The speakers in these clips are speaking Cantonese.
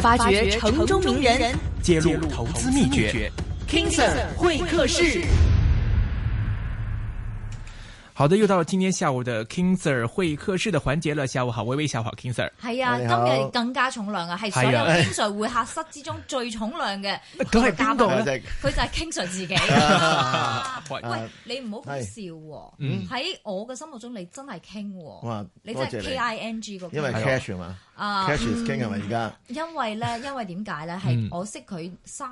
發掘城中名人，揭露投資秘訣。King Sir 會客室。好的，又到今天下午的 King Sir 會客室的環節了。下午好，微微下午好，King Sir。係啊，今日更加重量啊，係所有 King Sir 會客室之中最重量嘅。咁係加多嘅，佢就係 King Sir 自己。喂，你唔好笑喎，喺我嘅心目中你真係 King 喎，你真係 K I N G 嗰個。因為 cash 嘛，cash King 係咪而家？因為咧，因為點解咧？係我識佢三。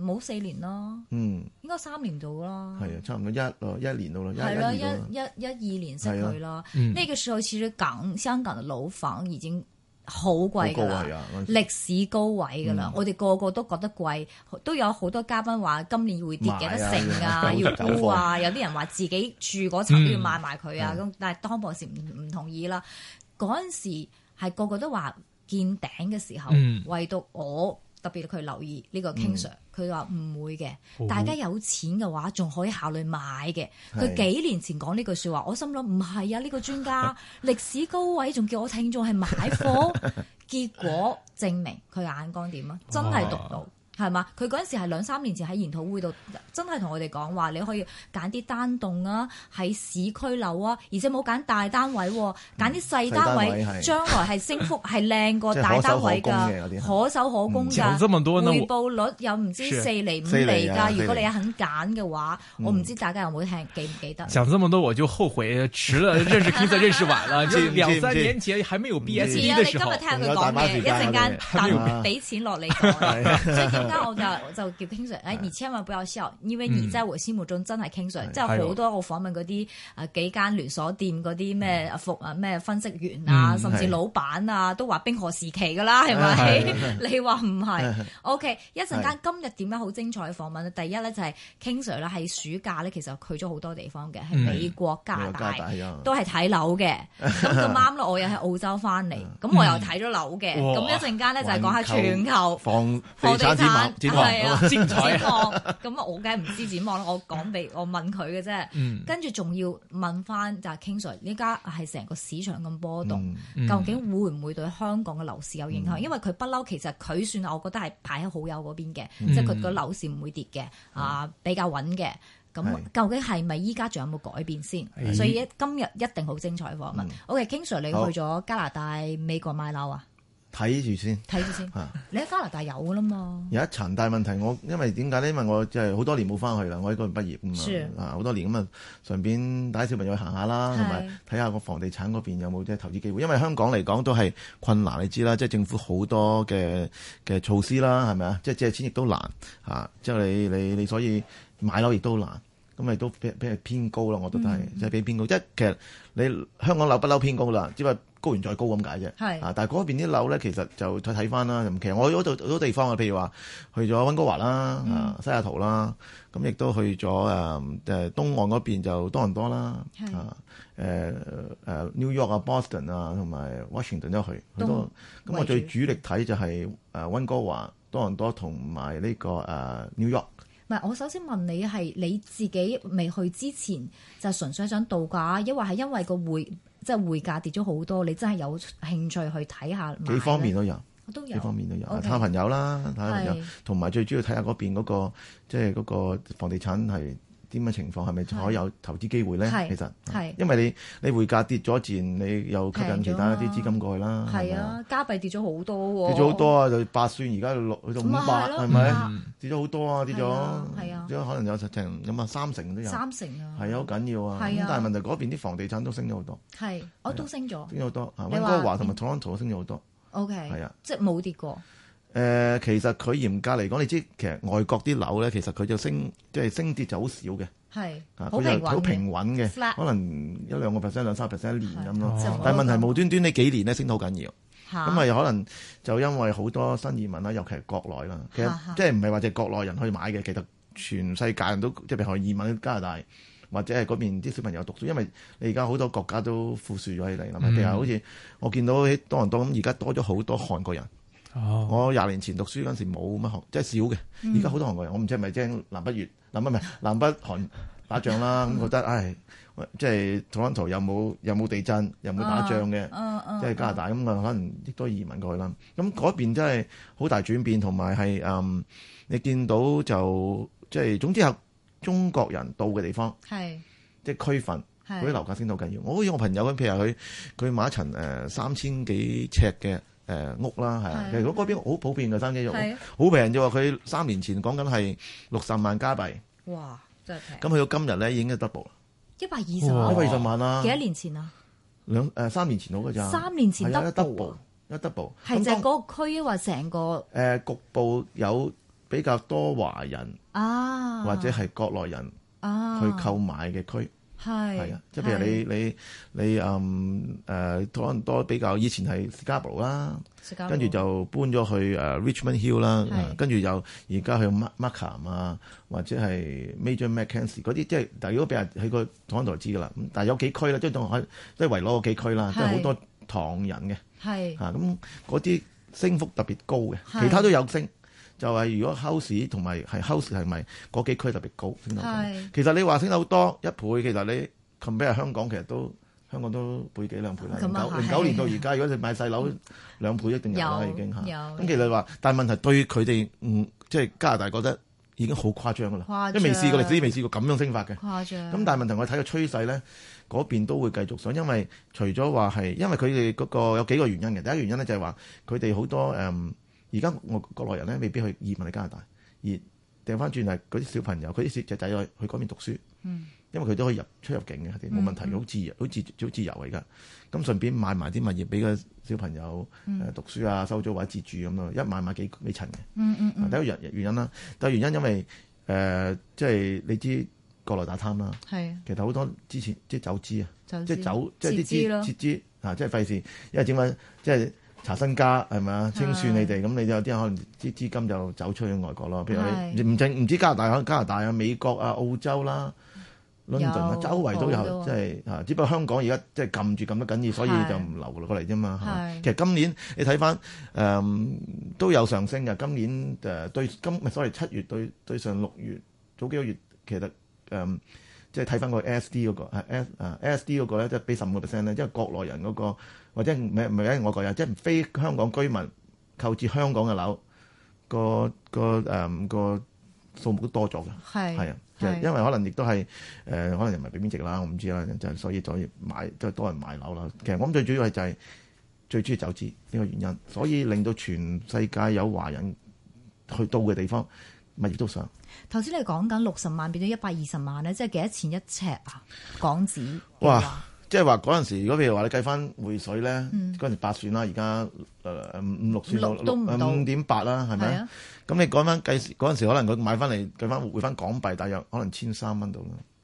冇四年咯，嗯，應該三年到啦，係啊，差唔多一一年到咯，係咯，一、一、一、二年識佢啦。呢個時候似咗梗，香港老房已經好貴噶啦，歷史高位噶啦，我哋個個都覺得貴，都有好多嘉賓話今年會跌幾多成啊，要沽啊，有啲人話自己住嗰層都要買埋佢啊，咁但係湯博士唔唔同意啦。嗰陣時係個個都話見頂嘅時候，唯獨我。特別佢留意呢個 King Sir 佢話唔會嘅、哦、大家有錢嘅話仲可以考慮買嘅佢、哦、幾年前講呢句說話，是的 我心諗唔係啊呢、這個專家歷 史高位仲叫我聽眾係買貨 結果證明佢眼光點啊真係獨到。係嘛？佢嗰陣時係兩三年前喺研討會度，真係同我哋講話，你可以揀啲單棟啊，喺市區樓啊，而且冇揀大單位，揀啲細單位，將來係升幅係靚過大單位㗎，可守可攻㗎。講咁多，回報率又唔知四釐五釐㗎。如果你肯揀嘅話，我唔知大家有冇聽記唔記得？講咁多我就後悔遲了，認識 Peter，認識晚了。兩三年前還沒有 BSD 的時候。啊！你今日聽下佢講嘢，一陣間就俾錢落嚟，而家我就就叫 King Sir，誒，你千萬不要 sell，因為而家回心目中真係 King Sir，即係好多我訪問嗰啲誒幾間連鎖店嗰啲咩服啊咩分析員啊，甚至老闆啊，都話冰河時期㗎啦，係咪？你話唔係？O K，一陣間今日點解好精彩訪問咧？第一咧就係 King Sir 啦，喺暑假咧其實去咗好多地方嘅，喺美國加拿大都係睇樓嘅，咁就啱啦。我又喺澳洲翻嚟，咁我又睇咗樓嘅，咁一陣間咧就講下全球房房地產。展望，咁啊，我梗係唔知展望啦，我講俾我問佢嘅啫，跟住仲要問翻就係 King Sir，依家係成個市場咁波動，究竟會唔會對香港嘅樓市有影響？因為佢不嬲，其實佢算係我覺得係排喺好友嗰邊嘅，即係佢個樓市唔會跌嘅，啊比較穩嘅。咁究竟係咪依家仲有冇改變先？所以今日一定好精彩嘅訪問。OK，King Sir，你去咗加拿大、美國買樓啊？睇住先,先，睇住先。吓，你喺加拿大有㗎啦嘛。有一層，大問問題我，因為點解咧？因為我即係好多年冇翻去啦。我喺嗰邊畢業嘛。啊的。好多年咁啊，順便帶小朋友去行下啦，同埋睇下個房地產嗰邊有冇即係投資機會。因為香港嚟講都係困難，你知啦，即係政府好多嘅嘅措施啦，係咪啊？即係借錢亦都難吓，即之你你你所以買樓亦都難，咁咪都比比偏高啦、嗯、我覺得係即係比偏高。即係其實你香港樓不嬲偏高啦，只係。高原再高咁解啫，是啊！但係嗰邊啲樓咧，其實就睇睇翻啦。其實我嗰度好多地方啊，譬如話去咗溫哥華啦，嗯、啊，西雅圖啦，咁亦都去咗誒、嗯、東岸嗰邊就多倫多啦？是啊，誒、呃、誒、啊、New York 啊，Boston 啊，同埋 Washington 都去好多咁東我最主力睇就係誒溫哥華、多倫多同埋呢個誒、啊、New York。唔係，我首先問你係你自己未去之前就純粹想度假，抑或係因為個會？即係匯價跌咗好多，你真係有興趣去睇下。幾方面都有，都有幾方面都有。睇 okay 朋友啦，睇朋友，同埋是最主要睇下嗰邊嗰個，即係嗰個房地產係。啲乜情況係咪可以有投資機會咧？其實係因為你你匯價跌咗自然，你又吸引其他一啲資金過去啦。係啊，加幣跌咗好多喎。跌咗好多啊！就八算而家六，去到五百，係咪？跌咗好多啊！跌咗係啊！可能有成有萬三成都有。三成啊！係啊，好緊要啊！咁但係問題嗰邊啲房地產都升咗好多。係，我都升咗。升咗好多啊！溫哥華同埋 Toronto 都升咗好多。OK，係啊，即係冇跌過。誒、呃，其實佢嚴格嚟講，你知其實外國啲樓咧，其實佢就升，即、就、係、是、升跌就好少嘅。係是，佢就好平穩嘅，可能一兩個 percent、兩三個 percent 一年咁咯是。哦、但係問題說無端端呢幾年咧升得好緊要。咁啊哈可能就因為好多新移民啦，尤其係國內啦，其實即係唔係話隻國內人去買嘅，哈其實全世界都即係譬如話移民加拿大或者係嗰邊啲小朋友讀書，因為你而家好多國家都富庶咗起嚟啦嘛。譬如好似我見到喺多倫多咁，而家多咗好多韓國人。嗯 Oh. 我廿年前讀書嗰陣時冇乜學，即係少嘅。而家好多韓國人，我唔知係咪即係南北越，嗱唔係南北韓打仗啦，咁覺得唉，即係多倫多又冇又冇地震，又冇打仗嘅，oh. Oh. Oh. Oh. Oh. 即係加拿大咁啊，可能亦都移民過去啦。咁嗰邊真係好大轉變，同埋係嗯，你見到就即係總之係中國人到嘅地方， 即係區份，嗰啲樓價升到緊要。我好似我朋友咁，譬如佢佢買一層誒、呃、三千幾尺嘅。誒屋啦，係啊，其實如果嗰邊好普遍嘅生機肉，好平啫喎，佢三年前講緊係六十萬加幣，哇，真係平。咁去到今日咧，已經 double 啦，一百二十萬，一百二十萬啦，幾多年前啊？兩誒三年前好㗎咋？三年前 double，一 double，係就係嗰個區或成個誒局部有比較多華人啊，或者係國內人啊去購買嘅區。係係啊，即譬如你的你你，你嗯誒，可、呃、能多比較以前係 Scarborough 啦，跟住就搬咗去、呃、Richmond Hill 啦的，跟住又而家去 Markham 啊，或者係 Major Mackenzie 嗰啲，即係但如果俾人喺個台台知噶啦，但有幾區啦，即係即係圍攞個幾區啦，即係好多唐人嘅係咁嗰啲升幅特別高嘅，的其他都有升。就係如果 house 同埋係 house 係咪嗰幾區特別高升高？是其實你話升得好多一倍，其實你 compare 香港，其實都香港都倍幾兩倍啦。零九年到而家，如果你買細樓，嗯、兩倍一定有啦已經嚇咁、嗯嗯、其實話，但問問題對佢哋嗯，即、就、係、是、加拿大覺得已經好誇張㗎啦，張因未試過歷史，未試過咁樣升法嘅。誇張咁但係問題我睇個趨勢咧，嗰邊都會繼續上，因為除咗話係，因為佢哋嗰個有幾個原因嘅。第一個原因咧就係話佢哋好多、嗯而家我國內人咧未必去移民去加拿大，而掉翻轉係嗰啲小朋友，佢啲小仔仔去去嗰邊讀書，嗯、因為佢都可以入出入境嘅，冇問題，好自由、嗯。好自好自由。而家咁順便買埋啲物業俾個小朋友、嗯、讀書啊，收租或者自住咁咯，一買埋幾幾層嘅。嗯嗯第一原原因啦，第二原因因為即係、呃就是、你知國內打貪啦，的其實好多之前即係走資啊，即係走即係啲資撤資啊，即係費事，因為點解即係？就是查身家係咪啊？清算你哋，咁你有啲人可能啲資金就走出去外國咯。譬如你唔正唔知加拿大、加拿大啊、美國啊、澳洲啦、啊、倫敦啦、啊，有周圍都有，即係嚇。只不過香港而家即係撳住撳得緊要，所以就唔留落過嚟啫嘛。的的其實今年你睇翻誒都有上升嘅。今年誒對今係，所謂七月對對上六月早幾個月，其實誒即係睇翻個 SD 嗰個 S SD 嗰個咧，即係畀十五個 percent 咧，因、就、為、是、國內人嗰、那個。或者唔係唔係我個人，即係非香港居民購置香港嘅樓，個個誒、嗯、個數目都多咗嘅。係係啊，的的因為可能亦都係誒，可能人民幣貶值啦，我唔知啦。就所、是、以所以買都、就是、多人買樓啦。嗯、其實我諗最主要係就係最主要走資、是、呢、呢個原因，所以令到全世界有華人去到嘅地方物業都上。頭先你講緊六十萬變咗一百二十萬咧，即係幾多錢一尺啊？港紙哇！嘩。即係話嗰陣時，如果譬如話你計翻匯水咧，嗰陣時八算啦，而家誒五六算六，誒五點八啦，係咪啊？咁你講翻計時嗰陣時，可能佢買翻嚟計翻匯翻港幣，大約可能千三蚊到。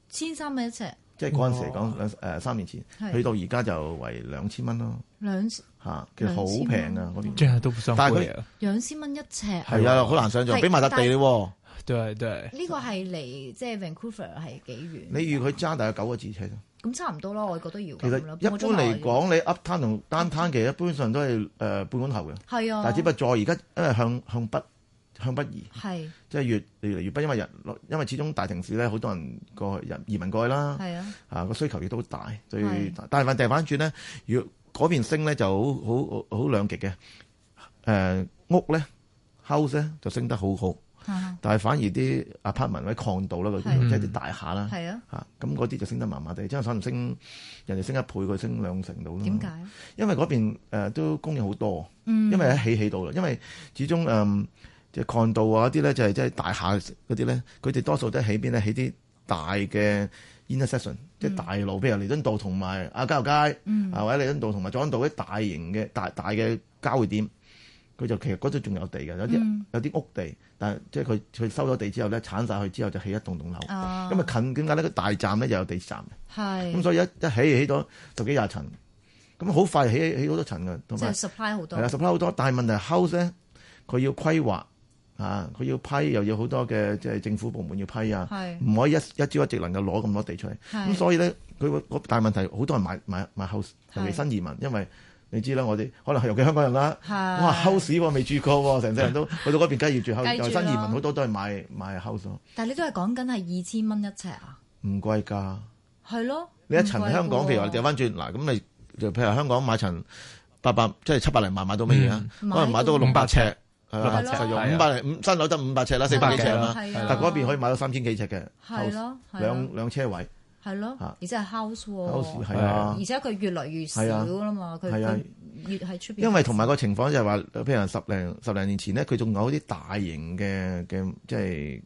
千三蚊一尺。即係嗰陣時嚟講誒三年前，去到而家就為兩千蚊咯。兩吓，其實好平啊！嗰邊，但係佢兩千蚊一尺。係啊，好難想像，俾埋笪地咯。對對。呢個係離即係 Vancouver 係幾遠？你預佢揸大約九個字尺。咁差唔多咯，我覺得要咁咯。其實一般嚟講，你 up turn 同 down turn 嘅，其實一般上都係、呃、半個頭嘅。啊，但只不過在而家，因為向向北向北移，即係是越來越嚟越北，因為人，因為始終大城市咧，好多人過人移民過去啦。係啊，啊個需求亦都好大，對，但係賣地產反轉咧，如果嗰邊升咧就好好好兩極嘅、呃。屋咧 house 咧就升得好好。但係反而啲 apartment 喺彌敦道啦，嗰啲即係啲大廈啦，嚇咁嗰啲就升得麻麻地，即係可能升人哋升一倍，佢升兩成度，咯。點解？因為嗰邊、呃、都供應好多，嗯、因為起起到啦，因為始終誒即係彌敦道啊啲咧，就係即係大廈嗰啲咧，佢哋多數都喺邊咧？喺啲大嘅 intersection、嗯、即係大路，譬如話彌敦道同埋啊家樂街，啊、嗯、或者彌敦道同埋佐敦道啲大型嘅大大嘅交匯點。佢就其實嗰度仲有地嘅，有啲有啲屋地，嗯、但係即係佢佢收咗地之後咧，剷晒佢之後就起一棟棟樓。咁啊因為近點解呢個大站咧又有地站？係。咁所以一一起起咗十幾廿層，咁好快起起好多層㗎，同埋即係 supply 好多係啦 supply 好多，啊、很多但係問題 house 咧，佢要規劃啊，佢要批又要好多嘅即係政府部門要批啊，唔是 可以一一朝一夕能夠攞咁多地出嚟。咁是 所以咧，佢個大問題好多人買買買 house，尤其新移民，是 因為。你知啦，我哋可能係用嘅香港人啦。哇，house 喎，未住過喎，成世人都去到嗰邊，梗係要住。新移民好多都係買買 house 咗。但係你都係講緊係二千蚊一尺啊？唔貴㗎。係咯。你一層香港，譬如話掉翻轉嗱，咁你就譬如香港買層八百，即係七百零萬買到乜嘢啊？可能買到個六百尺，六百尺用五百零五新樓得五百尺啦，四百幾尺啦。但係嗰邊可以買到三千幾尺嘅，係咯，兩兩車位。係咯，而且係 house，係啊，的而且佢越嚟越少啦嘛，佢佢的越喺出邊。因為同埋個情況就係話，譬如話十零十零年前咧，佢仲有啲大型嘅嘅，即係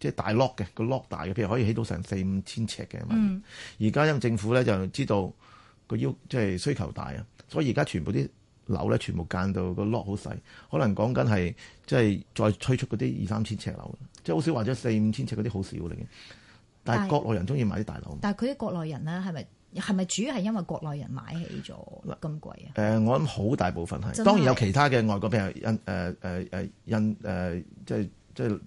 即係大 lock 嘅，個 lock 大嘅，譬如可以起到成四五千尺嘅。而家因為政府咧就知道個要即係需求大啊，所以而家全部啲樓咧全部間到個 lock 好細，可能講緊係即係再推出嗰啲二三千尺樓，即係好少話咗四五千尺嗰啲好少嚟嘅。但係國內人中意買啲大樓，但係佢啲國內人咧係咪係咪主要係因為國內人買起咗咁貴啊？誒、呃，我諗好大部分係，當然有其他嘅外國譬如、呃呃呃呃呃呃、印印即係即係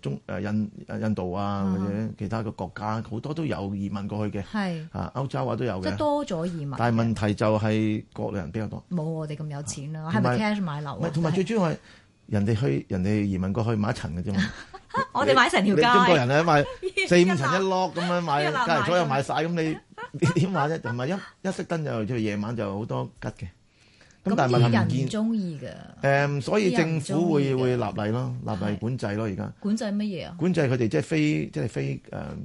中印印度啊，或者、啊、其他嘅國家，好多都有移民過去嘅，係啊是歐洲啊都有嘅，即多咗移民。但係問題就係國內人比較多，冇我哋咁有錢啦、啊，係咪、啊、cash 買，買樓唔係，同埋最主要係人哋去人哋移民過去買一層嘅啫嘛。 啊、我哋買成條街，你中國人咧買四五層一碌咁樣買，隔籬左右買晒。咁 你點話啫？同埋 一一熄燈就即夜晚就好多吉嘅。咁但係問下人唔中意嘅。誒、嗯，所以政府會會立例咯，立例管制咯，而家管制乜嘢啊？管制佢哋即係非，即係非誒。嗯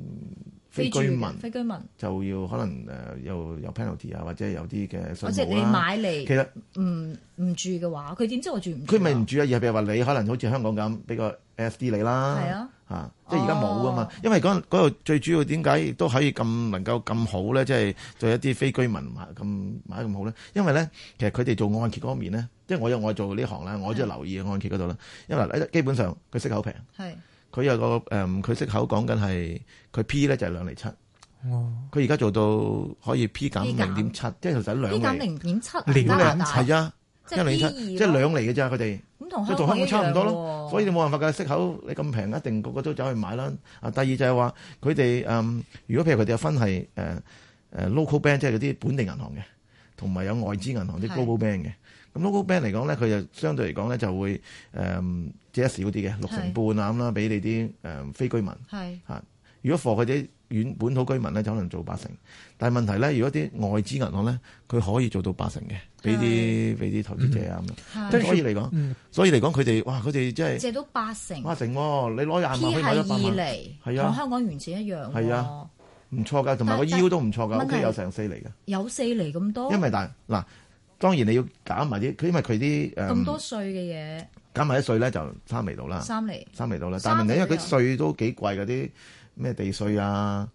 非居民，非居民就要可能、呃、有有 penalty 啊，或者有啲嘅信號即係你買嚟，其實唔唔住嘅話，佢點知我住唔？佢咪唔住啊？不不住而係譬如話，你可能好似香港咁俾個 SD S D 你啦，嚇，即係而家冇㗎嘛、哦因就是。因為嗰嗰度最主要點解都可以咁能夠咁好咧？即係做一啲非居民咁買咁好咧？因為咧，其實佢哋做按揭嗰方面咧，即係我有我做呢行啦，我即係留意按揭嗰度啦。是因為基本上佢息口平。佢有個誒，佢息口講緊係佢 P 咧就係兩厘七，佢而家做到可以 P 減零點七，即係就使兩厘。零點七，兩釐係啊，即係兩釐，即係兩厘嘅咋佢哋。咁同香，香港差唔多咯。所以你冇辦法㗎，息口你咁平，一定個個都走去買啦。啊，第二就係話佢哋誒，如果譬如佢哋有分係 local bank，即係嗰啲本地銀行嘅，同埋有外資銀行啲 global bank 嘅。local bank 嚟講咧，佢就相對嚟講咧就會誒借得少啲嘅六成半咁啦，俾你啲誒非居民。係吓，如果 f 或者本土居民咧，就可能做八成。但係問題咧，如果啲外資銀行咧，佢可以做到八成嘅，俾啲俾啲投資者啊咁。即係所以嚟講，所以嚟講佢哋哇，佢哋即係借到八成。八成喎，你攞廿萬，我攞一百萬。係啊，同香港完全一樣。係啊，唔錯㗎，同埋個腰都唔錯㗎，屋企有成四釐嘅。有四釐咁多？因為但嗱。當然你要減埋啲，佢因為佢啲誒咁多稅嘅嘢減埋啲稅咧就三釐度啦，三釐里是三釐度啦，但係問題因為佢稅都幾貴嗰啲咩地稅啊，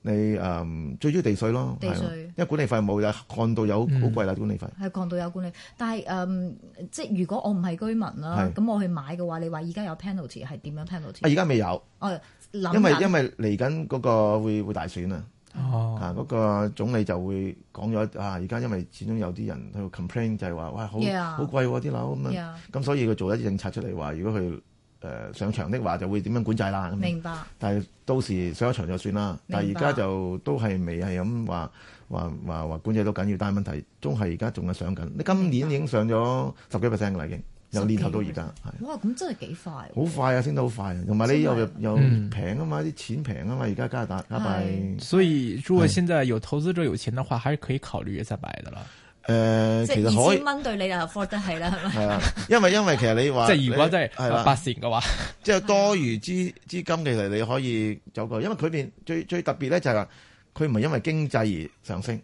你誒、嗯、最主要地稅咯，地稅稅、啊、因為管理費冇又降到有好貴啦，管理費係降到有管理，但係誒、嗯、即如果我唔係居民啦、啊，咁是我去買嘅話，你話而家有 penalty 係點樣 penalty 啊？而家未有，哦因，因為因為嚟緊嗰個會會大選啊。哦，啊，嗰、那個總理就會講咗啊，而家因為始終有啲人去 complain，就係話哇，好好 Yeah. 貴喎啲樓咁樣，咁所以佢做咗啲政策出嚟，話如果佢誒、呃、上場的話，就會點樣管制啦。明白。但係到時上咗場就算啦。但係而家就都係未係咁話話話話管制到緊要，但係問題，都係而家仲係上緊。你今年已經上咗十幾 percent 啦，已經。由年頭到而家，哇！咁真係幾快，好快啊，升得好快啊！同埋你又又平啊嘛，啲、嗯、錢平啊嘛，而家加拿大，係咪，所以如果現在有投資者有錢的話，是還是可以考慮再買的啦。誒、呃，即係二千蚊對你嚟講都係啦，係啊，因為因為其實你話即係如果真係係啊發善嘅話，即係、就是、多餘資資金其實你可以走過，因為佢邊最最特別咧就係話佢唔係因為經濟而上升。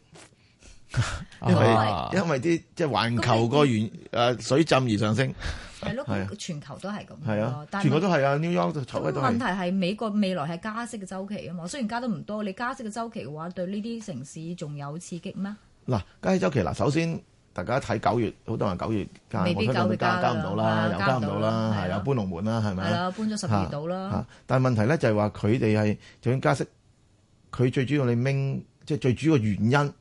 因為因為啲即係環球個原誒水浸而上升，係咯，全球都係咁，係啊，全國都係啊，New York 都炒嘅都係。問題係美國未來係加息嘅周期啊嘛，雖然加得唔多，你加息嘅周期嘅話，對呢啲城市仲有刺激咩？嗱，加息周期嗱，首先大家睇九月，好多人九月加息，佢加都加唔到啦，又加唔到啦，又搬龍門啦，係咪？係啦，搬咗十二度啦。但係問題咧就係話佢哋係就算加息，佢最主要你明即係最主要嘅原因。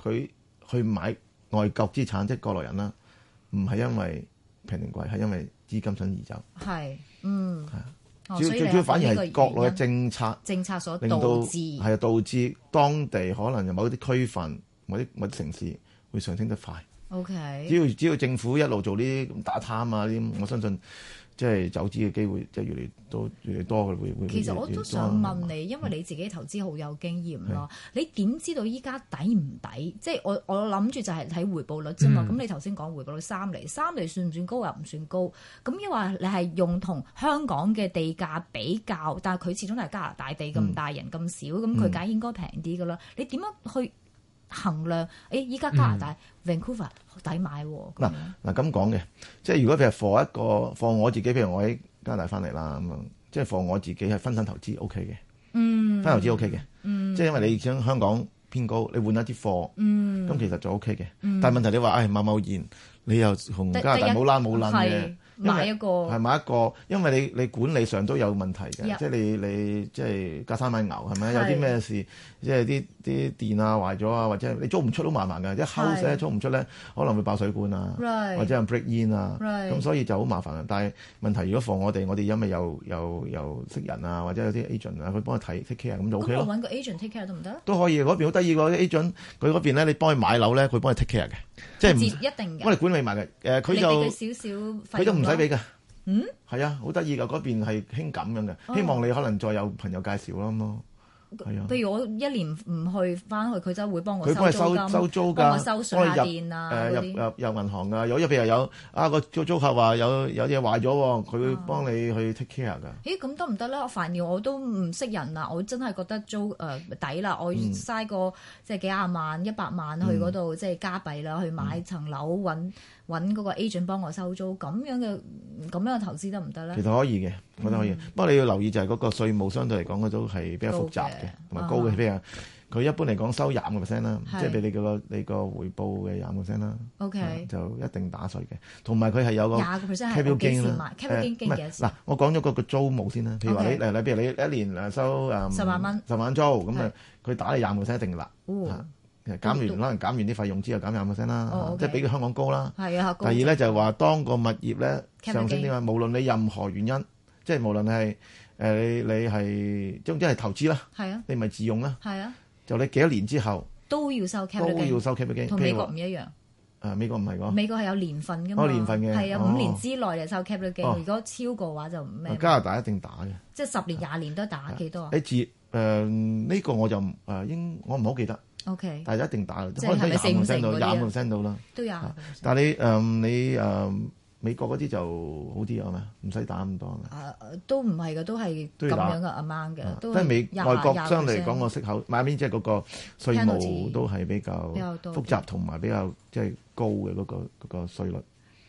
佢去買外國資產，即係國內人啦，唔係因為平定貴，係因為資金想移走。係，嗯，係啊，哦，主要主要反而係國內嘅政策政策所導致，係啊，導致當地可能有某啲區份、某啲某啲城市會上升得快。OK，只要只要政府一路做呢啲咁打貪啊啲，我相信。即係走資嘅機會越來越多，即係越嚟都越嚟多嘅，會會。其實我都想問你，嗯、因為你自己投資好有經驗咯，嗯、你點知道依家抵唔抵？即係我我諗住就係睇回報率啫嘛。咁、嗯、你頭先講回報率三釐，三釐算唔算高？又唔算高。咁亦話你係用同香港嘅地價比較，但係佢始終都係加拿大地咁大，嗯、人咁少，咁佢梗係應該平啲㗎啦。你點樣去衡量，誒依家加拿大 Vancouver 抵買喎。嗱嗱咁講嘅，即係如果譬如放一個放我自己，譬如我喺加拿大翻嚟啦，咁樣即係放我自己係分散投資 O K 嘅。嗯，分散投資 O K 嘅。嗯，即係因為你想香港偏高，你換一啲貨。嗯，咁其實就 O K 嘅。但係問題你話誒某某然，你又同加拿大冇拉冇撚嘅，買一個係買一個，因為你你管理上都有問題嘅，即係你你即係隔山買牛係咪？有啲咩事？即係啲啲電啊壞咗啊，或者你租唔出都麻煩嘅，即係 house 是的 租唔出咧，可能會爆水管啊，Right 或者有 break in 啊，咁 Right 所以就好麻煩嘅。但係問題如果放我哋，我哋因為有有有，有識人啊，或者有啲 agent 啊，佢幫你睇 take care 咁就 OK 咯。我揾個，個 agent take care 都唔得？都可以嗰邊好得意喎、那個，agent 佢嗰邊咧，你幫佢買樓咧，佢幫你 take care 嘅，即係唔我哋管理埋嘅。誒、呃、佢就少少佢都唔使俾㗎。嗯，係啊，好得意㗎，嗰邊係興咁樣嘅，哦、希望你可能再有朋友介紹咯。譬如我一年唔去翻去，佢就會幫我。佢收收租㗎，幫、收收租幫我收水下電啊嗰、呃、入入入銀行㗎、啊嗰個，如果入邊有啊個租租客話有有嘢壞咗喎，佢會幫你去 take care 㗎、啊。咦？咁得唔得咧？我煩要，我都唔識人啊！我真係覺得租誒抵啦，我嘥個、嗯、即係幾廿萬、一百萬去嗰度即係加幣啦，去買層樓搵。揾嗰個 agent 幫我收租，咁樣嘅咁樣嘅投資得唔得咧？其實可以嘅，其實可以。不過你要留意就係嗰個稅務，相對嚟講嗰都係比較複雜嘅，同埋高嘅。譬如佢一般嚟講收廿個 percent 啦，即係俾你個你個回報嘅廿個 percent 啦。OK，就一定打稅嘅，同埋佢係有個 cap 表經 c a p 表經嗱。我講咗個租務先啦，譬如話，例如譬如你一年收十萬蚊，十萬租咁啊，佢打你廿個 percent 一定啦。減完可能減完啲費用之後減廿五 percent 啦，即係比香港高啦。第二咧就係話，當個物業咧上升啲嘛，無論你任何原因，即係無論係誒你係總之係投資啦，你咪自用啦，就你幾多年之後都要收 cap rate，都要收 cap rate，同美國唔一樣。誒，美國唔係喎，美國係有年份㗎嘛，係有五年之內就收 cap rate，如果超過話就唔咩。加拿大一定打嘅，即係十年、廿年都打幾多啊？你一呢個我就誒應我唔好記得。OK，但係一定打，可能打廿個 percent 到，廿個 percent 到啦。都有、啊，但你、嗯、你、嗯、美國嗰啲就好啲啊嘛，唔使打咁多。都唔係嘅，都係咁樣嘅 amount 嘅。啊、都即係美外國相對嚟講個息口買面即係嗰個稅務都係比較複雜同埋比較即係高嘅嗰個嗰個稅率。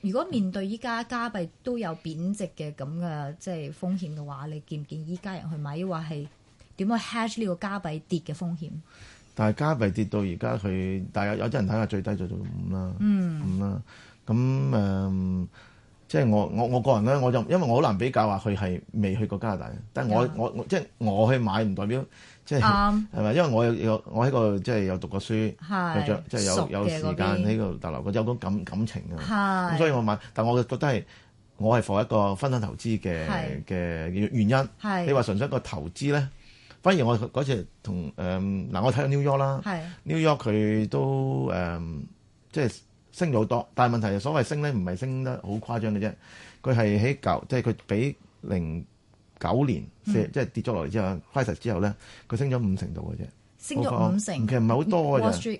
如果面對依家加幣都有貶值嘅咁嘅即係風險嘅話，你見唔見依家人去買？抑或係點樣 hedge 呢個加幣跌嘅風險？但係加幣跌到而家佢，大家有啲人睇下最低就做五啦，五啦、嗯，咁誒，即係、嗯就是、我我我個人咧，我就因為我好難比較話佢係未去過加拿大，但係我、嗯、我即係、就是、我去買唔代表即係係咪？因為我有我喺、那個即係、就是、有讀過書，即係是有、就是、有，有時間喺度。大樓有種感感情咁是所以我買，但我覺得係我係 for 一個分散投資嘅嘅是原因。是你話純粹一個投資咧？反而我嗰次同誒嗱，我睇咗 New York 啦，New York 佢都誒即係升咗好多，但係問題係所謂升咧，唔係升得好誇張嘅啫，佢係喺九，就是嗯、即係佢比零九年即係跌咗落嚟之後 crisis 之後咧，佢升咗五成度嘅啫，升咗五成，其實唔係好多嘅啫。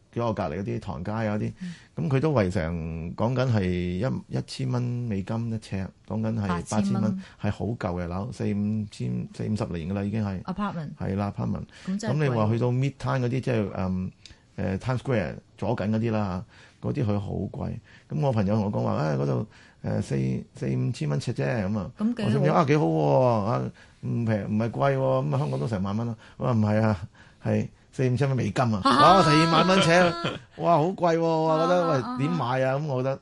叫我隔離嗰啲唐街啊啲，咁佢、嗯、都圍成講緊係一一千蚊美金一尺，講緊係八千蚊，係好舊嘅樓，四五千四五十年嘅啦已經係。apartment 係啦，apartment。咁你話去到 mid、um, town 嗰啲即係誒誒 Times Square 左近嗰啲啦，嗰啲佢好貴。咁我朋友同我講話，啊嗰度四四五千蚊尺啫咁啊，我朋友啊、哎、幾好喎，啊唔平唔係貴喎、啊，咁啊香港都成萬蚊咯。我話唔係啊，係。四五千蚊美金啊！啊哇，十二萬蚊請，啊、哇，好貴喎、啊！我覺得、啊、喂點買啊？咁我覺得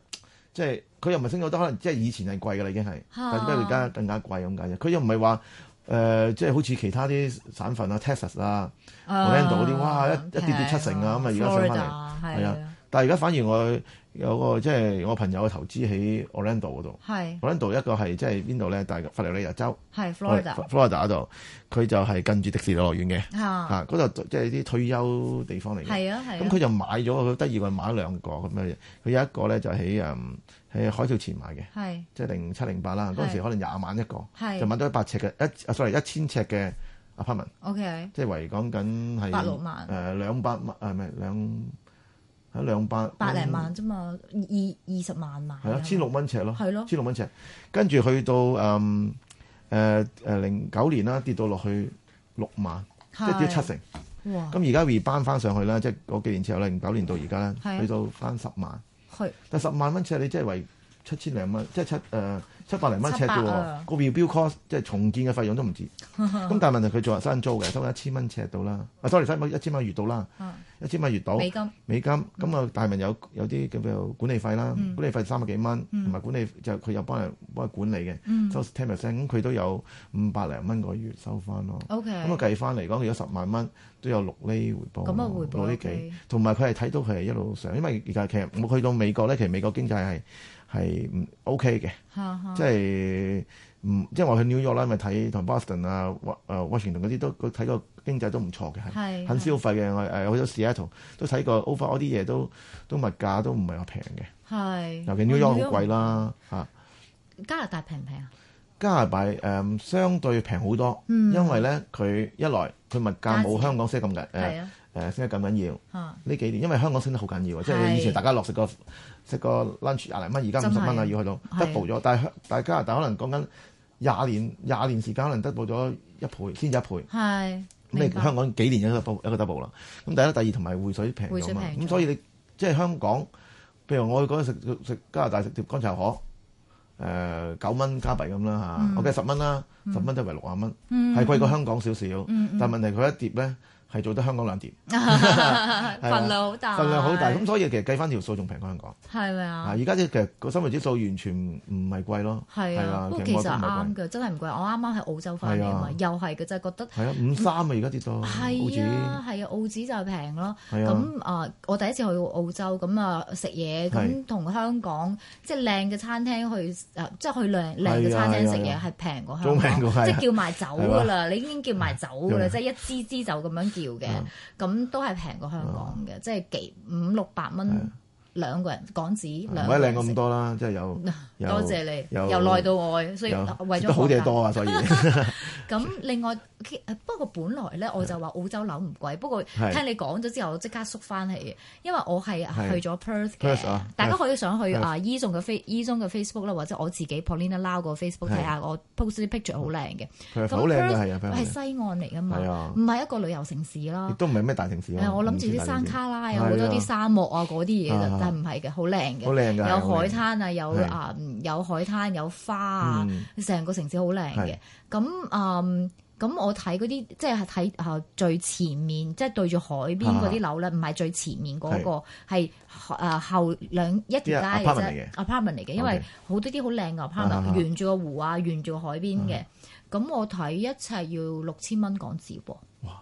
即係佢又唔係升到多，可能即係以前係貴嘅已經係，啊、但係點解而家更加貴咁解啫？佢又唔係話誒，即係好似其他啲省份啊、Texas 啊、Orlando 嗰啲，哇，一、嗯、okay, 一跌跌七成啊！咁啊，而家上翻嚟係啊，的的但係而家反而我。有個即係我朋友投資喺 Orlando 嗰度，Orlando 是一個係即係邊度咧？大佛羅里達州，Florida 嗰度，佢就係近住迪士尼樂園嘅，吓嗰度即係啲退休地方嚟嘅。係啊咁佢、啊、就買咗佢得意買咗兩個咁樣，佢有一個咧就喺喺、嗯、海嘯前買嘅，即係零七零八啦。嗰陣時可能廿萬一個，是就買到一百尺嘅一，誒 okay,，sorry 一千尺嘅 apartment，即係圍講緊係誒兩百萬，誒唔係喺兩百百零萬啫嘛，嗯、二二十萬買。係啊，吧千六蚊尺咯。係咯，千六蚊尺。跟住去到誒誒誒零九年啦，跌到落去六萬，是的 即係跌七成。咁而家 rebound 翻上去啦，即係嗰幾年之後，零九年到而家咧，去是的 到翻十萬。係。是的 但十萬蚊尺你即係為七千零蚊，即係七誒。呃七百零蚊尺啫喎，個 build cost 即係重建嘅費用都唔止。咁但係問題佢做啊收租嘅，收一千蚊尺到啦。啊，sorry，收緊一千蚊月到啦，一千蚊月到。美金。美金。咁啊，大明有有啲叫管理費啦，管理費三百幾蚊，同埋管理就佢又幫人幫佢管理嘅，收十 percent。咁佢都有五百零蚊個月收翻咯。O K。咁啊計翻嚟講，佢有十萬蚊都有六厘回報。咁啊回報。六釐幾？同埋佢係睇到佢係一路上，因為而家其實去到美國咧，其實美國經濟係。係唔 OK 嘅，即係唔即係我去 York 啦，咪睇同 Boston 啊、w a Washington 嗰啲都睇個經濟都唔錯嘅，係很消費嘅。我誒我有試咧，同都睇過。Overall 啲嘢都都物價都唔係話平嘅。係尤其 york 好貴啦嚇。加拿大平唔平啊？加拿大誒相對平好多，因為咧佢一來佢物價冇香港升咁緊誒誒升得咁緊要。呢幾年因為香港升得好緊要，即係以前大家落實個。食個 lunch 廿零蚊，而家五十蚊啦，的要去到 double 咗。的但係香但加拿大可能講緊廿年廿年時間，可能 double 咗一倍，先至一倍。咁你的香港幾年一個 double 白一個 double 啦？咁第一、第二同埋匯水平咗嘛。咁所以你即係香港，譬如我去嗰日食食加拿大食碟乾炒河，誒九蚊加幣咁啦嚇，嗯、我計十蚊啦，十蚊都為六啊蚊，係貴過香港少少。嗯嗯、但係問題佢一跌咧。係做得香港兩碟份量好大，份量好大咁，所以其實計翻條數仲平過香港係咪啊？而家啲其實個生活指數完全唔係貴咯，係啊，不過其實啱㗎，真係唔貴。我啱啱喺澳洲翻嚟啊，又係嘅，就係覺得係啊，五三啊，而家跌到係啊，係啊，澳紙就係平咯。咁啊，我第一次去澳洲咁啊食嘢，咁同香港即係靚嘅餐廳去，即係去靚靚嘅餐廳食嘢係平過香港，即係叫埋酒㗎啦，你已經叫埋酒㗎啦，即係一支支酒咁樣。嘅，咁、嗯、都係平過香港嘅，嗯、即係幾五六百蚊兩個人的港紙，唔係靚咁多啦，即係有，有多謝你，有有由內到外，所以有為咗好嘢多啊，所以咁 另外。不過本來咧我就話澳洲樓唔貴，不過聽你講咗之後，我即刻縮翻嚟，因為我係去咗 Perth。大家可以想去啊 E 中嘅 Face 嘅 Facebook 啦，或者我自己 Pollyanna Lau 個 Facebook 睇下我 post 啲 picture 好靚嘅。咁 Perth 係西岸嚟㗎嘛，唔係一個旅遊城市啦。亦都唔係咩大城市。我諗住啲山卡拉，有好多啲沙漠啊嗰啲嘢，但係唔係嘅，好靚嘅。好靚有海灘啊，有啊，有海灘，有花啊，成個城市好靚嘅。咁嗯。咁我睇嗰啲即係睇啊最前面，即、就、係、是、對住海邊嗰啲樓呢，唔係、啊、最前面嗰、那個係啊是後一條街嘅啫。apartment 嚟嘅，因為好多啲好靚嘅 apartment 沿住個湖啊，沿住個海邊嘅。咁、啊啊、我睇一尺要六千蚊港紙喎。哇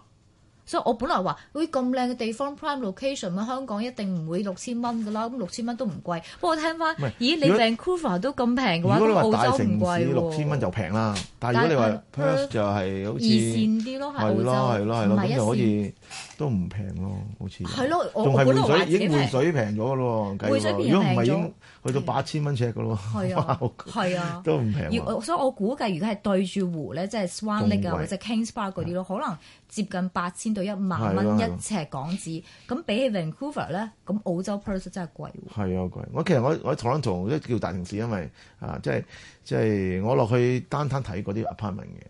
所以我本來話，會咁靚嘅地方，prime location 香港一定唔會六千蚊嘅啦。咁六千蚊都唔貴，不過我聽翻，果咦你訂 c o u e r 都咁平嘅話，澳洲唔貴喎，六千蚊就平啦。但係如果你話 p r 但就係好似二線啲咯，喺澳洲咪可以。都唔平咯，好似仲係湖水已經換水平咗嘅咯，計如果唔係已經去到八千蚊尺嘅咯，係啊，係啊，都唔平。所以我估計如果係對住湖咧，即係 Swan Lake 啊或者 Kings Park 嗰啲咯，可能接近八千到一萬蚊一尺港紙。咁比起 Vancouver 咧，咁澳洲 per s 真係貴。係啊，貴。我其實我我喺 Toronto 都叫大城市，因為啊，即係即係我落去單單睇嗰啲 apartment 嘅。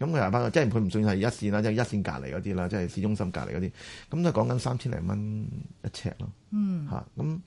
咁佢又翻，即係佢唔算係一線啦，即係一線隔離嗰啲啦，即係市中心隔離嗰啲。咁都係講緊三千零蚊一尺囉。嗯，吓，咁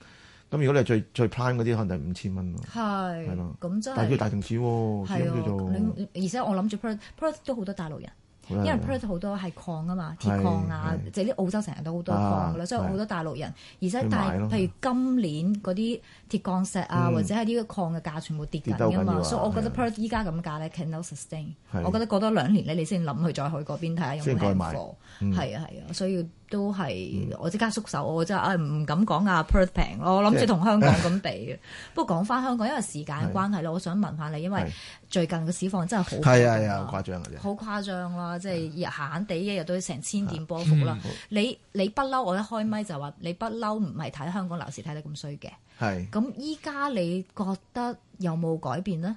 咁。如果你係最最 prime 嗰啲，可能就五千蚊囉。係係咯，咁即係大於大城市喎，叫做。而且我諗住 Perth Perth 都好多大陸人。因為 Perth 好多係礦啊嘛，鐵礦啊，是是即係啲澳洲成日都好多礦㗎啦，是是所以好多大陸人。是是而且但係買譬如今年嗰啲鐵礦石啊，嗯、或者係呢個礦嘅價全部跌緊㗎嘛，所以我覺得 Perth 依家咁價咧，can not sustain。是是 我覺得過多兩年咧，你先諗去再去嗰邊睇下有冇咩買貨。係啊係啊，所以。都係我即刻縮手，我真係啊唔敢講啊，平咯，我諗住同香港咁比嘅。是不過講翻香港，因為時間嘅關係咧，是我想問返你，因為最近嘅市況真係好係啊係啊，誇張嘅啫，好誇張啦，即係閒閒哋一日都成千點波幅啦是。你你不嬲我一開咪就話你不嬲，唔係睇香港樓市睇得咁衰嘅。咁是，依家你覺得有冇改變呢？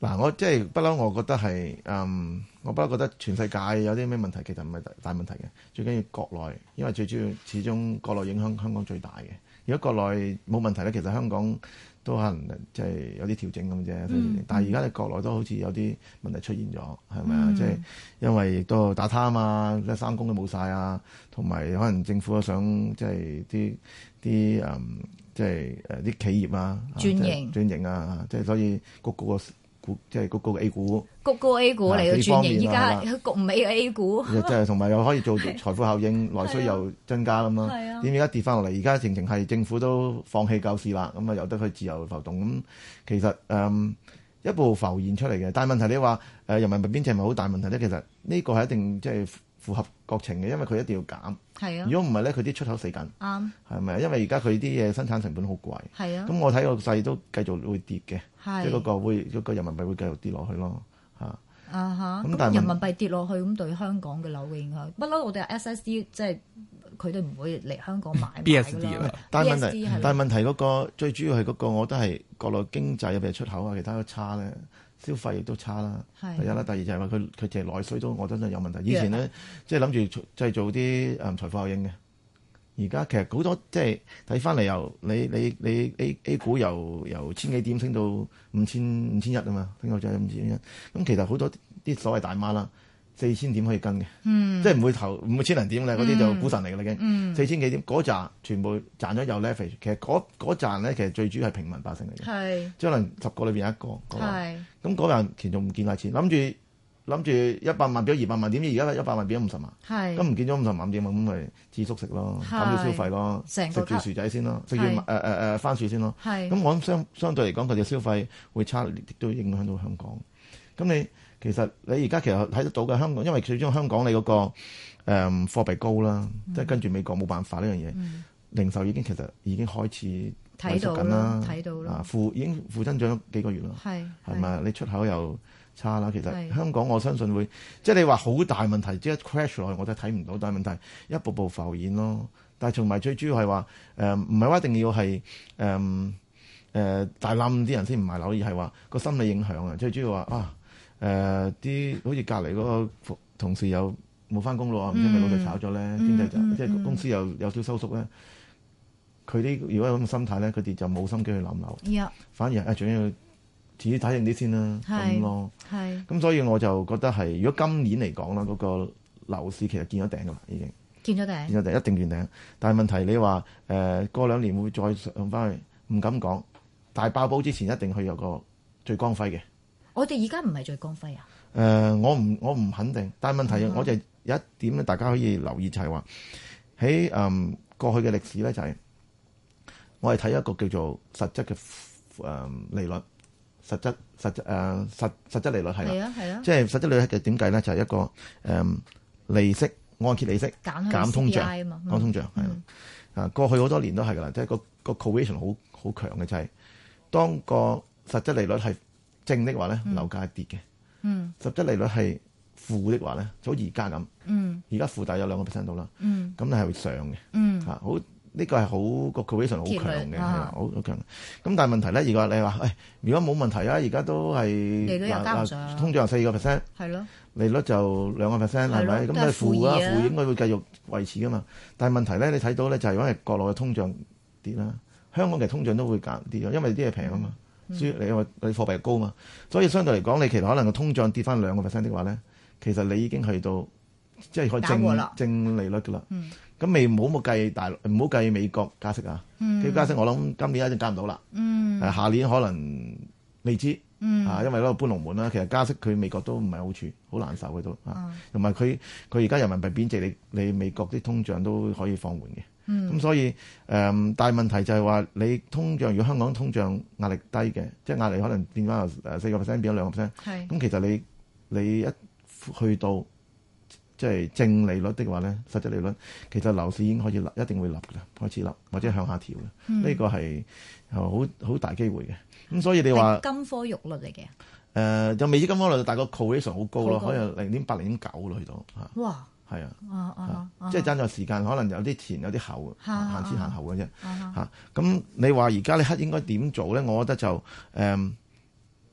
嗱，我即係不嬲，我覺得係嗯。我不覺得全世界有啲咩問題，其實唔係大問題嘅。最緊要是國內，因為最主要始終國內影響香港最大嘅。如果國內冇問題咧，其實香港都可能即係有啲調整咁啫。嗯、但係而家你國內都好似有啲問題出現咗，係咪啊？即係、就是、因為都打貪啊，三公都冇晒啊，同埋可能政府都想即係啲啲誒，即係誒啲企業啊，轉型轉、啊就是、型啊，即、就、係、是、所以個個。即係谷高 A 股，谷高 A 股嚟到轉型，而家局尾嘅 A 股，即係同埋又可以做財富效應，內需又增加啦嘛。點而家跌翻落嚟？而家成成係政府都放棄救市啦，咁啊由得佢自由浮動。咁其實誒一步浮現出嚟嘅，但係問題你話誒人民幣貶值係咪好大問題咧？其實呢個係一定即係。符合國情嘅，因為佢一定要減。係啊，如果唔係咧，佢啲出口死緊。啱、嗯。係咪？因為而家佢啲嘢生產成本好貴。係啊。咁我睇個勢都繼續會跌嘅，即係嗰個會、嗰個、人民幣會繼續跌落去咯，嚇、啊哈。啊嚇是！咁但人民幣跌落去，咁對香港嘅樓嘅影響，不嬲我哋 S S D 即係佢哋唔會嚟香港買 B SD，買㗎啦。但係問題，SD，但係問題嗰個最主要係嗰個，我覺得係國內經濟入邊出口啊，其他太差咧。消費亦都差啦，是的第一啦，第二就係話佢佢其實內需都我真係有問題。以前咧 Yeah. 即係諗住做啲誒財富效應嘅，而家其實好多即係睇翻嚟由你你你 A A 股由由千幾點升到五千五千一啊嘛，升到咗五千一。咁其實好多啲所謂大媽啦。四千點可以跟嘅，嗯、即係唔會投五千零點啦，嗰啲就股神嚟嘅啦，已經、嗯、四千幾點嗰扎全部賺咗有 leverage，其實嗰嗰扎咧其實最主要係平民百姓嚟嘅，即可是能十個裏邊有一個。係咁嗰扎人其實仲唔見曬錢，諗住諗住一百萬變咗二百萬點，而家一百萬變咗五十萬，咁唔是見咗五十萬點咁咪節縮食咯，是減少消費咯，食住個薯仔先咯，食住誒誒誒番薯先咯。係咁是，我諗相相對嚟講，佢哋嘅消費會差，亦都會影響到香港。咁你？其實你而家其實睇得到嘅香港，因為最終香港你嗰、那個誒、嗯、貨幣高啦，嗯、即跟住美國冇辦法呢樣嘢。嗯、零售已經其實已經開始萎縮緊啦，睇到啦、啊，負已經負增長咗幾個月啦。係係咪？你出口又差啦。其實香港我相信會，是即係你話好大問題，即係 crash 落去我都睇唔到。但係問題一步步浮現咯。但係同埋最主要係話誒唔係話一定要係誒誒大冧啲人先唔買樓，而係話個心理影響啊。最主要話啊。誒啲、呃、好似隔離嗰個同事又冇返工咯？唔知咪老豆炒咗咧，經濟、嗯、就、嗯、即係公司又、嗯、有少收縮咧。佢啲如果有咁嘅心態咧，佢哋就冇心機去諗樓，嗯、反而仲、呃、要自己睇定啲先啦、啊，咁是咯。咁是所以我就覺得係，如果今年嚟講啦，嗰、那個樓市其實見咗頂㗎喇，已經。見咗頂。見咗頂，一定見頂。但係問題你話誒、呃、過兩年會，會再上返去，唔敢講。大爆煲之前一定去有個最光輝嘅。我哋而家唔係最光輝啊！誒、呃，我唔我唔肯定，但係問題，嗯啊、我哋有一點咧，大家可以留意就係話，喺誒過去嘅歷史咧，就係、是、我係睇一個叫做實質嘅誒利率，實質實質誒實實質利率係啊，係咯，即係實質利率係點計咧？就係、是、一個誒、嗯、利息按揭利息減減通脹減通脹係啊。過去好多年都係噶啦，即係、那個、那個 correlation 好好強嘅，就係、是、當個實質利率係正的話咧，樓價係跌嘅；嗯、實質利率係負的話咧，就好而家咁。而家、嗯、負大有兩個 percent 到啦。咁、嗯、你係會上嘅。嚇、嗯啊！好，呢、呢個係好個 correlation 好強嘅，好、啊、強的。咁但係問題咧，而家你話，如果冇、哎、問題啊，而家都係通脹係四個 percent，利率就兩個 percent 係咪？咁都係負啊，負應該會繼續維持噶嘛。但係問題咧，你睇到咧就係如果係國內嘅通脹跌啦，香港嘅通脹都會減啲，因為啲嘢平啊嘛。嗯、所以你話佢貨幣高嘛，所以相對嚟講，你其實可能個通脹跌翻兩個 percent 的話咧，其實你已經去到即係可以正了正利率噶啦。咁未唔好冇計大唔好計美國加息啊。佢加息我諗今年一定加唔到啦。下年可能未知、嗯、啊，因為嗰個搬龍門啦。其實加息佢美國都唔係好處，好難受嘅都啊。同埋佢佢而家人民幣貶值，你你美國啲通脹都可以放緩嘅。嗯，咁所以誒、嗯，大問題就係話你通脹，如果香港通脹壓力低嘅，即係壓力可能變翻由四個 percent 變咗兩個 percent。係是，咁其實你你一去到即係正利率的話咧，實質利率其實樓市已經開始立，一定會立㗎，開始立或者向下調嘅。呢、嗯、個係好好大機會嘅。咁所以你話金科玉律嚟嘅誒，就未知金科玉律，但係個 correlation 好高咯，可能零點八、零點九咯，去到嚇。係啊，即係爭咗時間，可能有啲前，有啲後，行前行後嘅啫嚇。咁你話而家你黑應該點做咧？我覺得就誒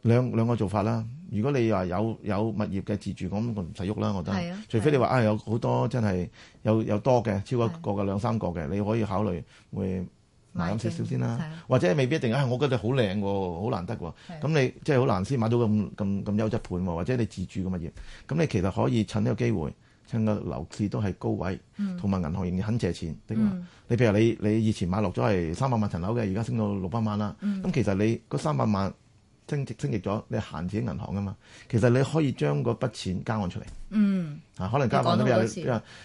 兩兩個做法啦。如果你話有有物業嘅自住，咁我唔使喐啦。我都係啊，除非你話啊有好多真係有有多嘅，超過一個嘅兩三個嘅，你可以考慮會買飲少少先啦。或者未必一定啊，我覺得好靚喎，好難得喎。咁你即係好難先買到咁咁咁優質盤喎，或者你自住嘅物業咁，你其實可以趁呢個機會。趁個樓市都係高位，同埋銀行仍然肯借錢。你譬、嗯、如你你以前買落咗係三百萬層樓嘅，而家升到六百萬啦。咁、嗯、其實你嗰三百萬升值增值咗，你閒錢喺銀行㗎嘛。其實你可以將嗰筆錢加按出嚟。嗯，啊可能加按都有，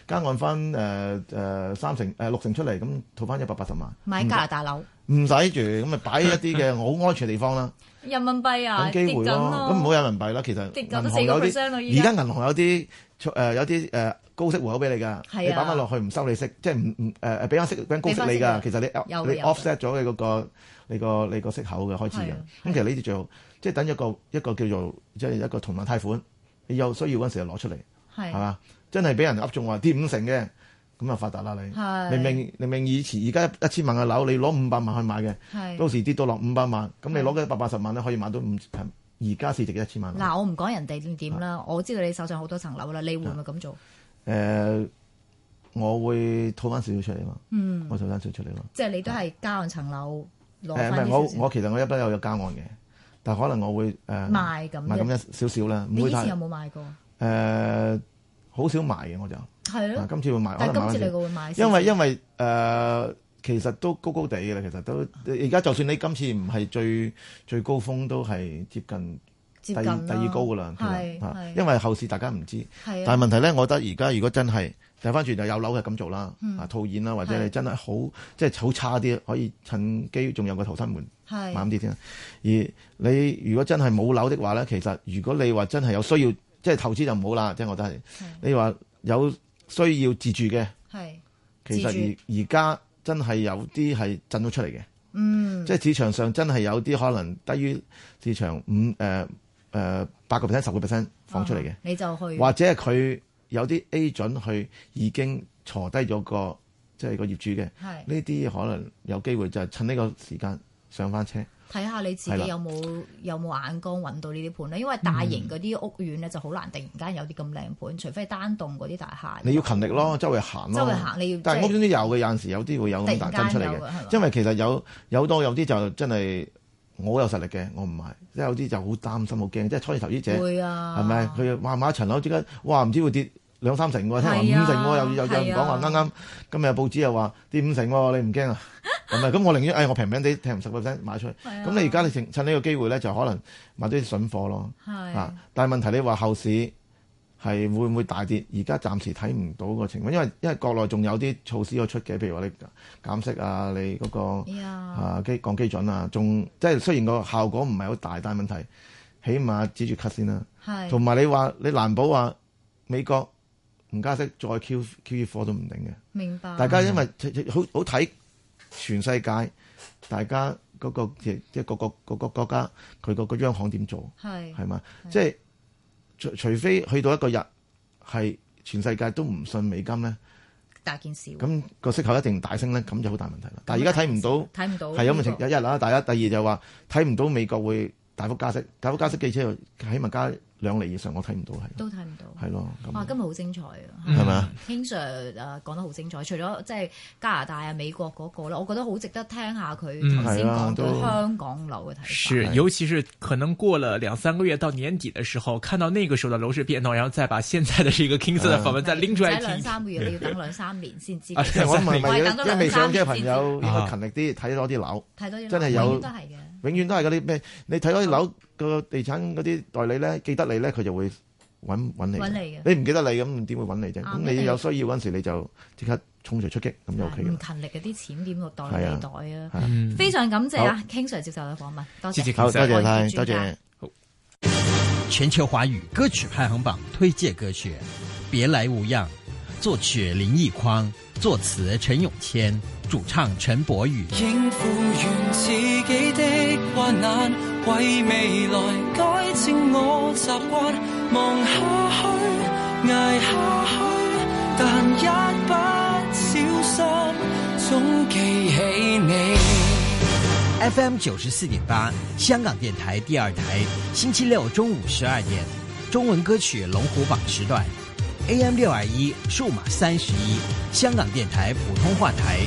加按翻誒誒三成誒、呃、六成出嚟，咁套翻一百八十萬。買加拿大樓。唔使住，咁咪擺一啲嘅好安全地方啦。 人民幣啊，搵機會咯，咁唔好人民幣啦。其實，銀行有啲，而家銀行有啲，誒、呃、有啲誒高息戶口俾你㗎。係、啊、你擺返落去唔收利息，即係唔唔誒俾息俾高啲你㗎。其實你有的有的你 offset 咗嘅、那個你、那個你個息口嘅開支嘅。咁、啊啊、其實呢啲最好，即係等一個一個叫做即係一個同款貸款，你有需要嗰時時就攞出嚟，係嘛是？真係俾人噏中話跌五成嘅。咁啊發達啦你，明明明明以前而家一千萬嘅樓，你攞五百萬去買嘅，到時跌到落五百萬，咁你攞嘅百八十萬咧，可以買到五而家市值一千萬。嗱，我唔講人哋點點啦，我知道你手上好多層樓啦，你會唔會咁做？誒，我會吐翻少少出嚟嘛，我吐翻少少出嚟咯。即係你都係加按層樓攞翻少少。誒，唔係我我其實我一般有有加按嘅，但係可能我會誒賣咁，賣咁一少少啦，唔會太。你以前有冇賣過？誒，好少賣嘅我就。係咯，今次會買，可能今次你個會買，因為因為誒，其實都高高地嘅啦，其實都而家就算你今次唔係最最高峰，都係接近接近第二高噶啦，因為後市大家唔知，但係問題咧，我覺得而家如果真係睇翻轉，就有樓係咁做啦，啊套現啦，或者你真係好即係好差啲，可以趁機仲有個逃生門，慢啲先。而你如果真係冇樓的話咧，其實如果你話真係有需要，即係投資就唔好啦，即係我覺得係，你話有。需要自住嘅，係是，其實而而家真係有啲係震咗出嚟嘅，嗯，即係市場上真係有啲可能低於市場五誒誒八個 percent 十個 percent 放出嚟嘅。哦，你就去，或者佢有啲 A 準去已經鋤低咗個即係，就是，個業主嘅，係呢啲可能有機會就係趁呢個時間上翻車。睇下你自己有冇有冇眼光揾到呢啲盤咧，因為大型嗰啲屋苑咧就好難，突然間有啲咁靚盤，除非單棟嗰啲大廈。你要勤力咯，周圍行咯。周圍行你要。但係屋苑都有嘅，有陣時有啲會有咁大增出嚟嘅。因為其實有有多有啲就真係我好有實力嘅，我唔係，即係有啲就好擔心好驚，即係初級投資者。會啊。係咪？佢話買買一層樓，即刻哇唔知會跌兩三成喎，聽聞五成喎，又又又講話啱啱今日報紙又話跌五成喎，你唔驚啊？唔係，咁 我寧願誒、哎，我平平地聽唔十 percent 買出去。咁、啊、你而家你趁趁呢個機會咧，就可能買啲筍貨咯。嚇是、啊！但係問題你話後市係會唔會大跌？而家暫時睇唔到個情況，因為因為國內仲有啲措施要出嘅，譬如話你減息啊，你嗰、那個 Yeah. 啊基降基準啊，仲即係雖然個效果唔係好大，但係問題起碼止住 cut 先啦。同埋是你話你難保話美國唔加息再 Q、QE4 都唔定嘅。明白。大家因為的好好睇。全世界大家嗰、那個即即各國各國國家佢個央行點做？係係嘛？是嗎是即係除除非去到一個日係全世界都唔信美金咧，大件事。咁個息口一定大升咧，咁就好大問題啦。但係而家睇唔到，睇唔到係有問題。第一啦，第一第二就話睇唔到美國會。大幅加息，大幅加息嘅車，起碼加兩厘以上，我睇唔到都睇唔到。係咯。哇，今日好精彩啊！係咪啊 King Sir 講得好精彩。除咗即係加拿大啊、美國嗰個咧，我覺得好值得聽下佢頭先講到香港樓嘅睇法是，尤其是可能過了兩三個月到年底的時候，看到那個時候的樓市變動然後再把現在的一個 King Sir 的訪問再拎出來聽。兩三個月你要等兩三年先知。等等，因未上嘅朋友要勤力啲睇多啲樓。睇多真係有。嘅。永遠都係嗰啲咩？你睇嗰啲樓個地產嗰啲代理咧，記得你咧，佢就會揾你。揾來你嘅，你唔記得你咁點會揾你啫？咁對你有需要嗰時你就即刻衝鋒出擊，咁就 OK 唔勤力嗰啲錢點落袋？袋啊！啊啊非常感謝啊！King Sir< 好>接受咗訪問，多謝大家，大家，全球華語歌曲排行榜推介歌曲《別來無恙》，作曲林奕匡，作詞陳詠謙。主唱陳柏宇應付完自己的困難為未來改正我習慣望下去捱下去但一不小心總記起你 fm 九十四點八香港電台第二台星期六中午十二點中文歌曲龍虎榜時段 am 六二一數碼三十一香港電台普通話台